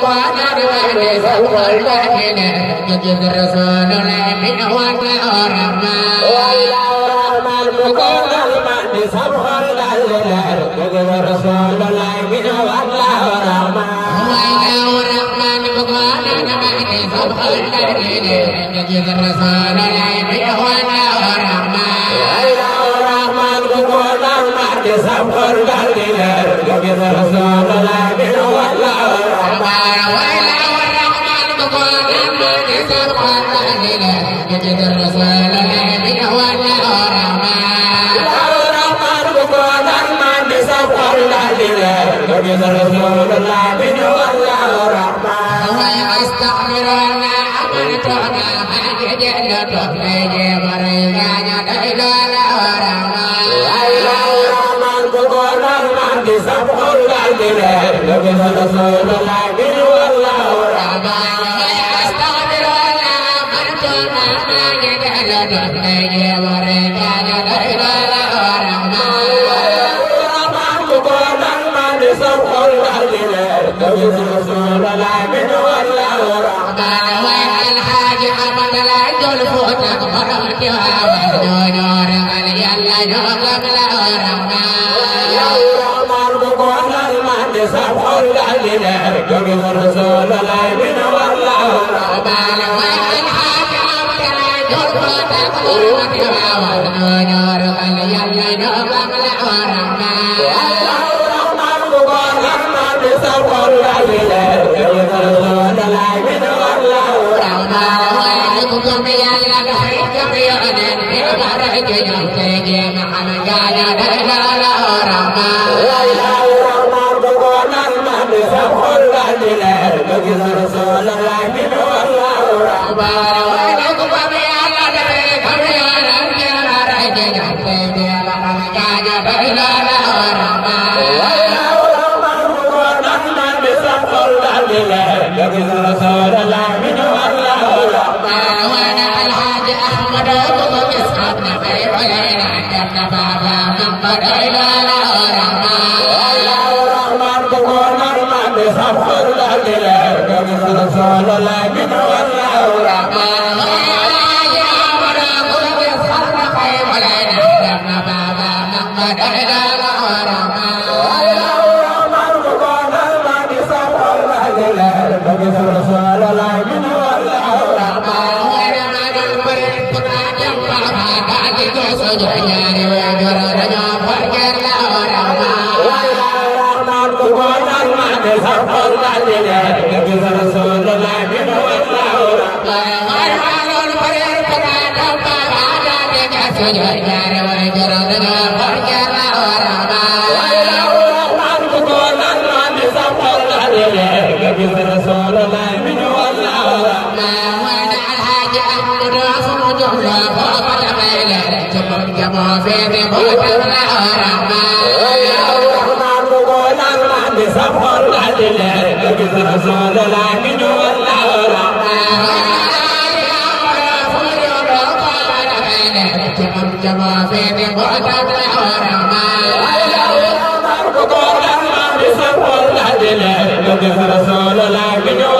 Sabhar Daldilar, Gavir Rasulullah bin Wal Love you, love you, love you. Yeah. da da da رسول الله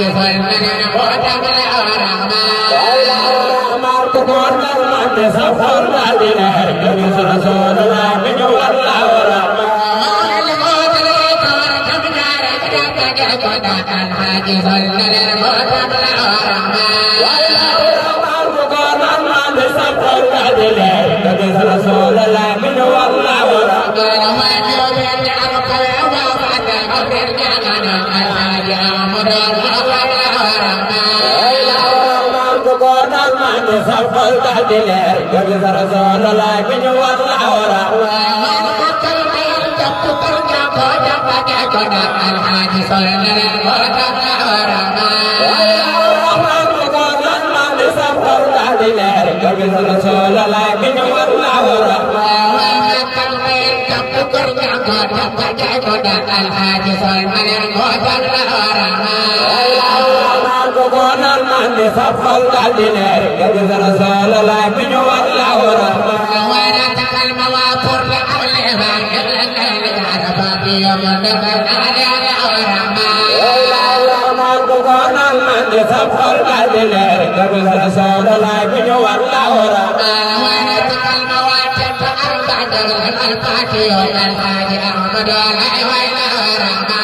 الحاج صلى للمعتمر الرحمن di leer jooju sar soono laay bi ñu war la awra waaw ko kal leer jàpp kal jàppo jàppa ke ko na alhaaji soono leer moo tax awra Alhaji Sulaiman yang kotor lah orang ko koo normandi sab xol dal di leer nga gis Rasulullah bi ñu war la waral ma wara takal ma waa pour la awle ma ngala ngala araba bi yama dabal ala la waral ma sab xol dal di leer nga gis Rasulullah bi ñu war la waral ma wara takal ma waa tetta arba dagal al fatiyo al haji ahmadu alay wa la waral ma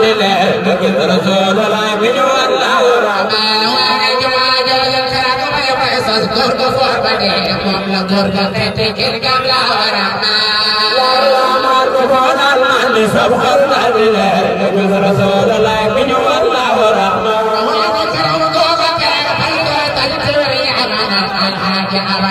لله لكن رسول الله من والله الرحمن وعليك ما جوز الخلق ما يبعث اذكر كفور بديع مملكور كفتك الكاملة ورحمن سبحان الله لكن رسول الله من والله الرحمن وعليك روضوك كيف تجتمع عمنا الحاج أبدا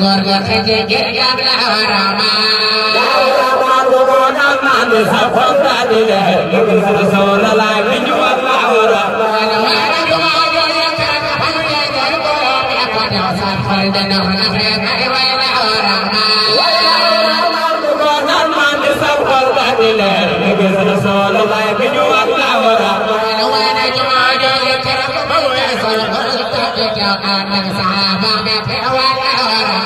góor góor fekkee ngir yàlla war a maal. góor góor maa ngi sa xol daa di leen. ngir sa sool laay bi ñu war a war a. wala wala du ma jox la kàr nga xam ne góor góor la ko def sa xol dana ko na fee ma di war a war a maal. góor góor maa ngi sa xol daa di leen. ngir sa sool laay bi ñu war a war a. wala wala du ma jox la kàr nga xam ne góor góor la ko def sa xol dana ko na fee ma di war a war a maal.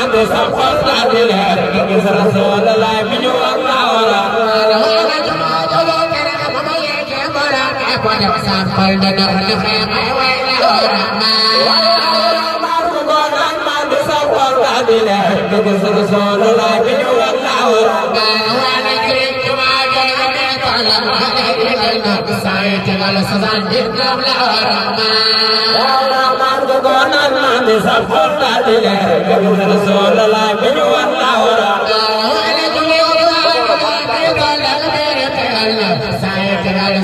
ande sampal ande leer gis rasul allah mi ñu war na wala sampal da na ne fe may way na wala ma mar ko bonan ma de sampal ande leer gis rasul allah mi ñu war na wala ولا الملك ولا بسايت ولا سزان جدنا ولا رحمن ولا مرد قول الله بسفر لا تلك رسول الله من ولا رحمن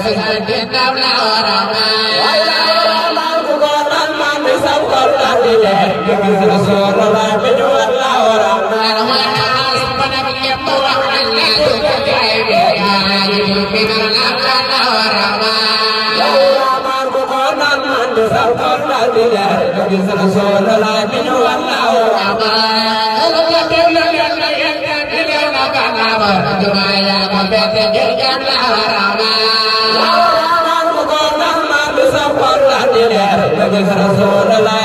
Thank you. Rasulullah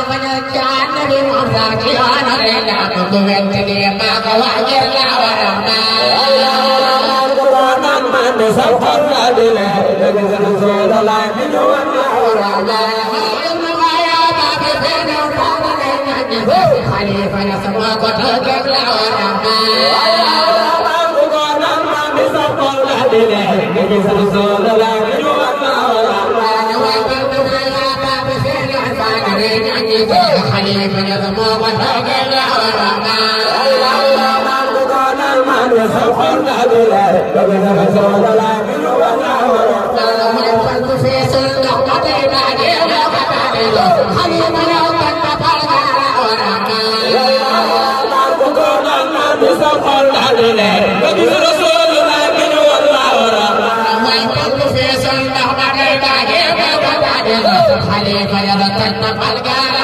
وانا لنا كنت ما قواجر لا ورحمة القرآن من سوقنا بله نزول الله من ورحمة خليفة نسمى قطعك لا ورحمة القرآن من سوقنا بله نزول الله من ورحمة أريد أن يكون خليفة يضمو وشوقي لأوراقنا وسوحنا بلا وبلا رسول الله من ولا ورقنا الفرد في سنة قطعنا جينا قطعنا خليفة يوم تتطلع ورقنا وسوحنا بلا وبلا رسول సఫలే కయల తట్ట పల్గాల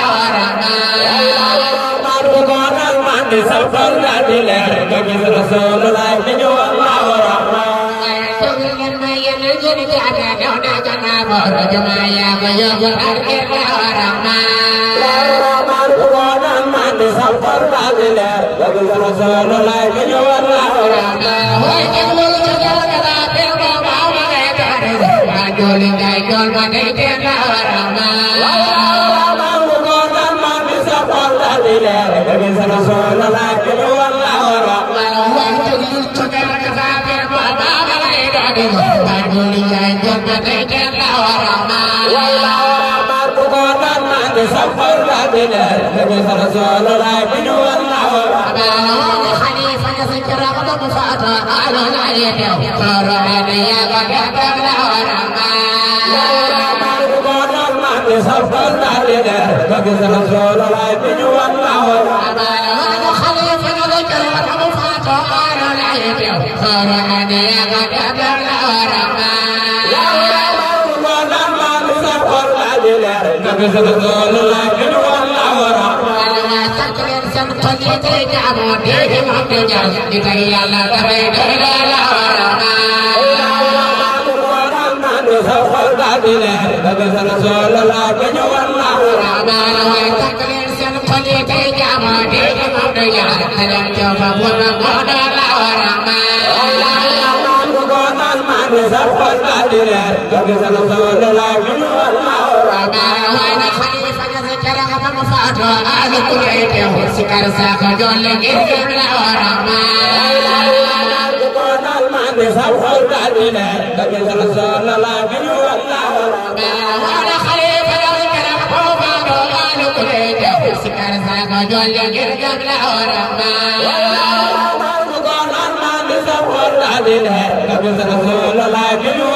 సఫల్ జమాయా సఫల్ రాజులే రఘు రసోలు లైక్ జోర్ రామ joli ngay jol ma day teen la warama Safar la bilal, Nabi Rasulullah bin Allah. ترغد مفاتا على العيد ترغد يا غدا بلا ورما سفر علينا بقدر الزول العيبين والله ورما هذا خليفة ذكر مفاتا على العيد ترغد يا غدا بلا ورما يا غدا بلا ورما سفر علينا بقدر الزول العيبين kon ñi koy jaamu dégg moom di jar di tey yàlla dafay doy doy la Rabbana way takk leen seen xol yi koy jaamu dégg moom di jar te leen jox ma bu na moo doon la Rabbana way na xale karaka mama faatu ala kuray te xut si kar saaka jolle ngir jëm la warama wala xalifa law karam fo faatu ala kuray te xut si kar saaka jolle ngir jëm la warama wala xalifa law karam fo faatu ala kuray te xut si kar saaka jolle ngir jëm la warama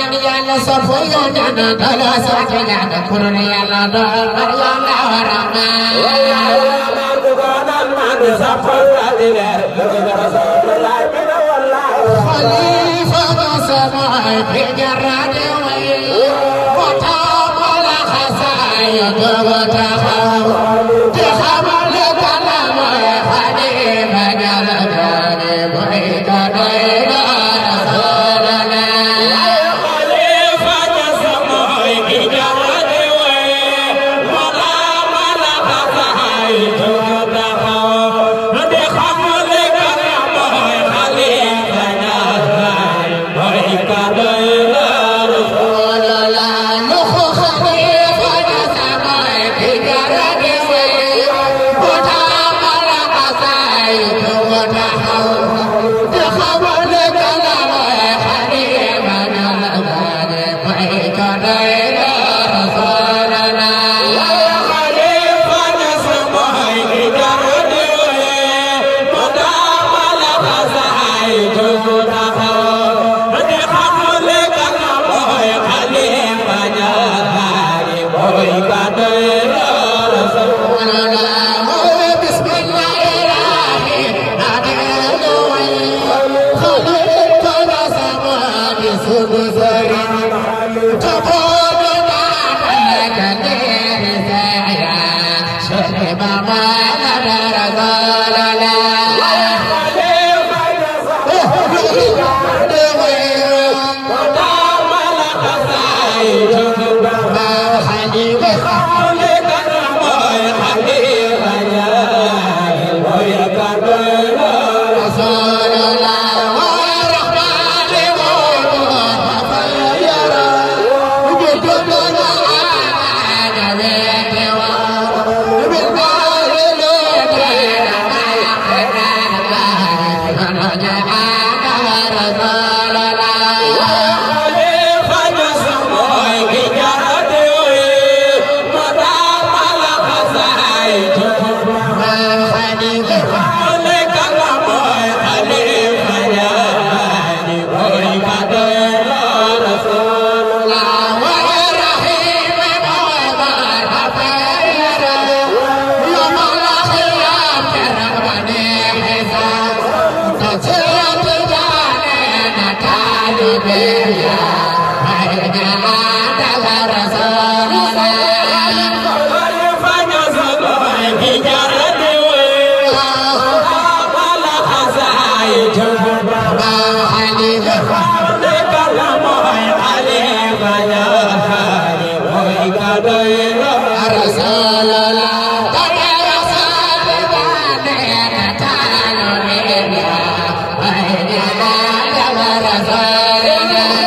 النبي أن for Hare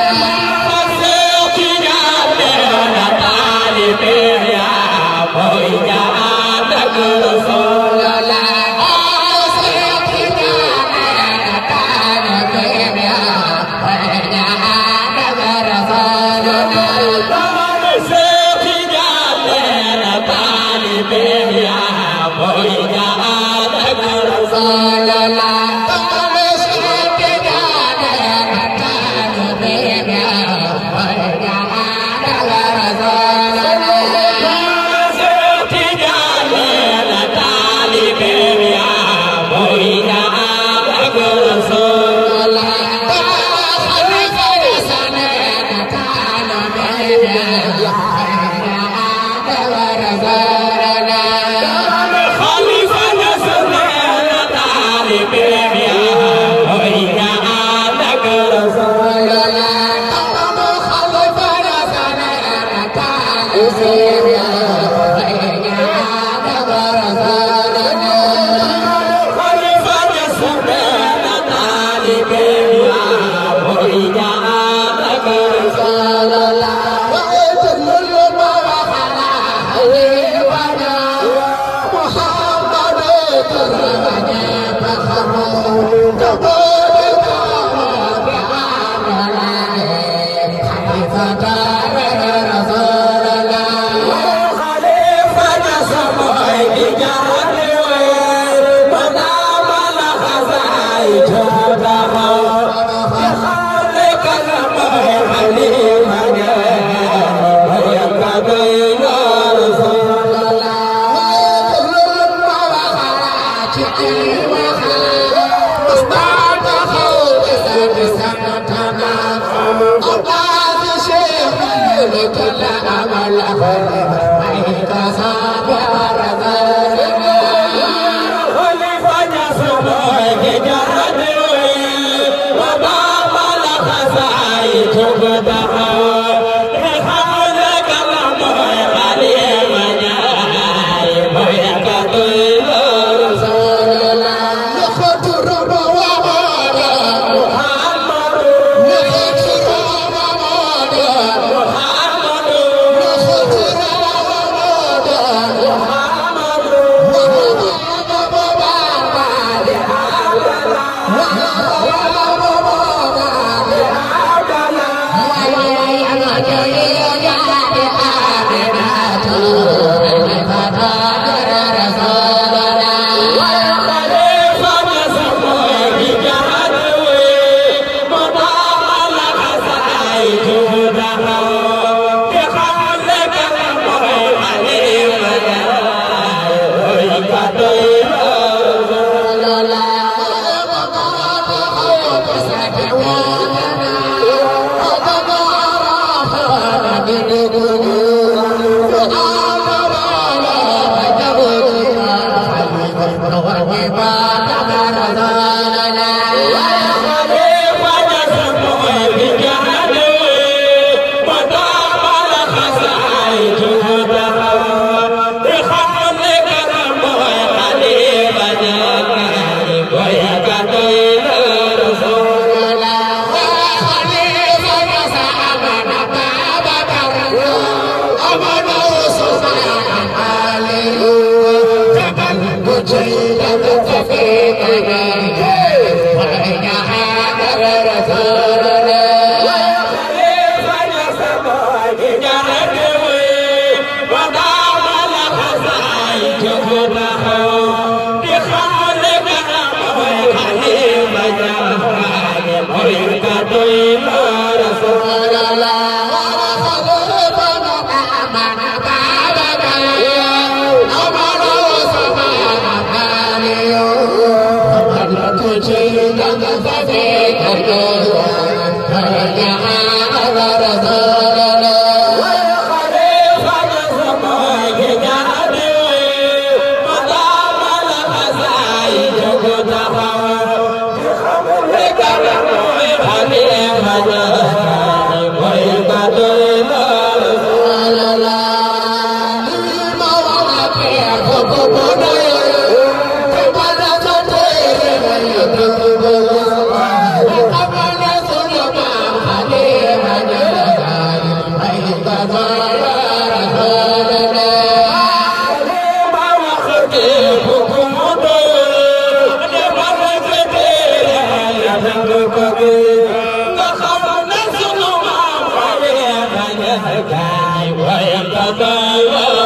Bye.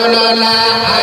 la la la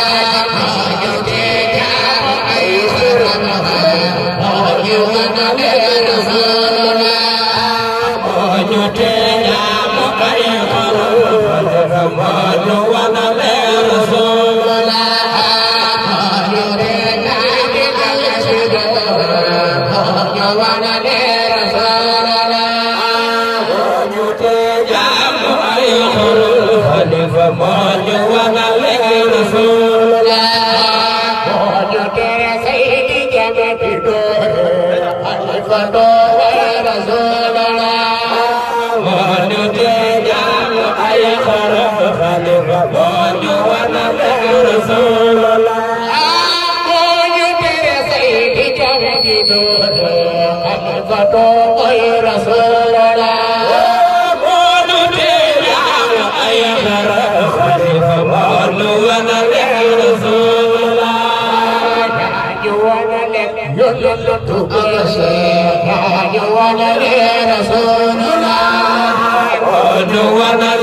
you wanna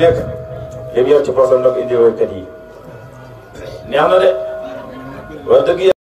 nekk yow yow ci poosam la ko indiwee kër yi neex na de wax dëgg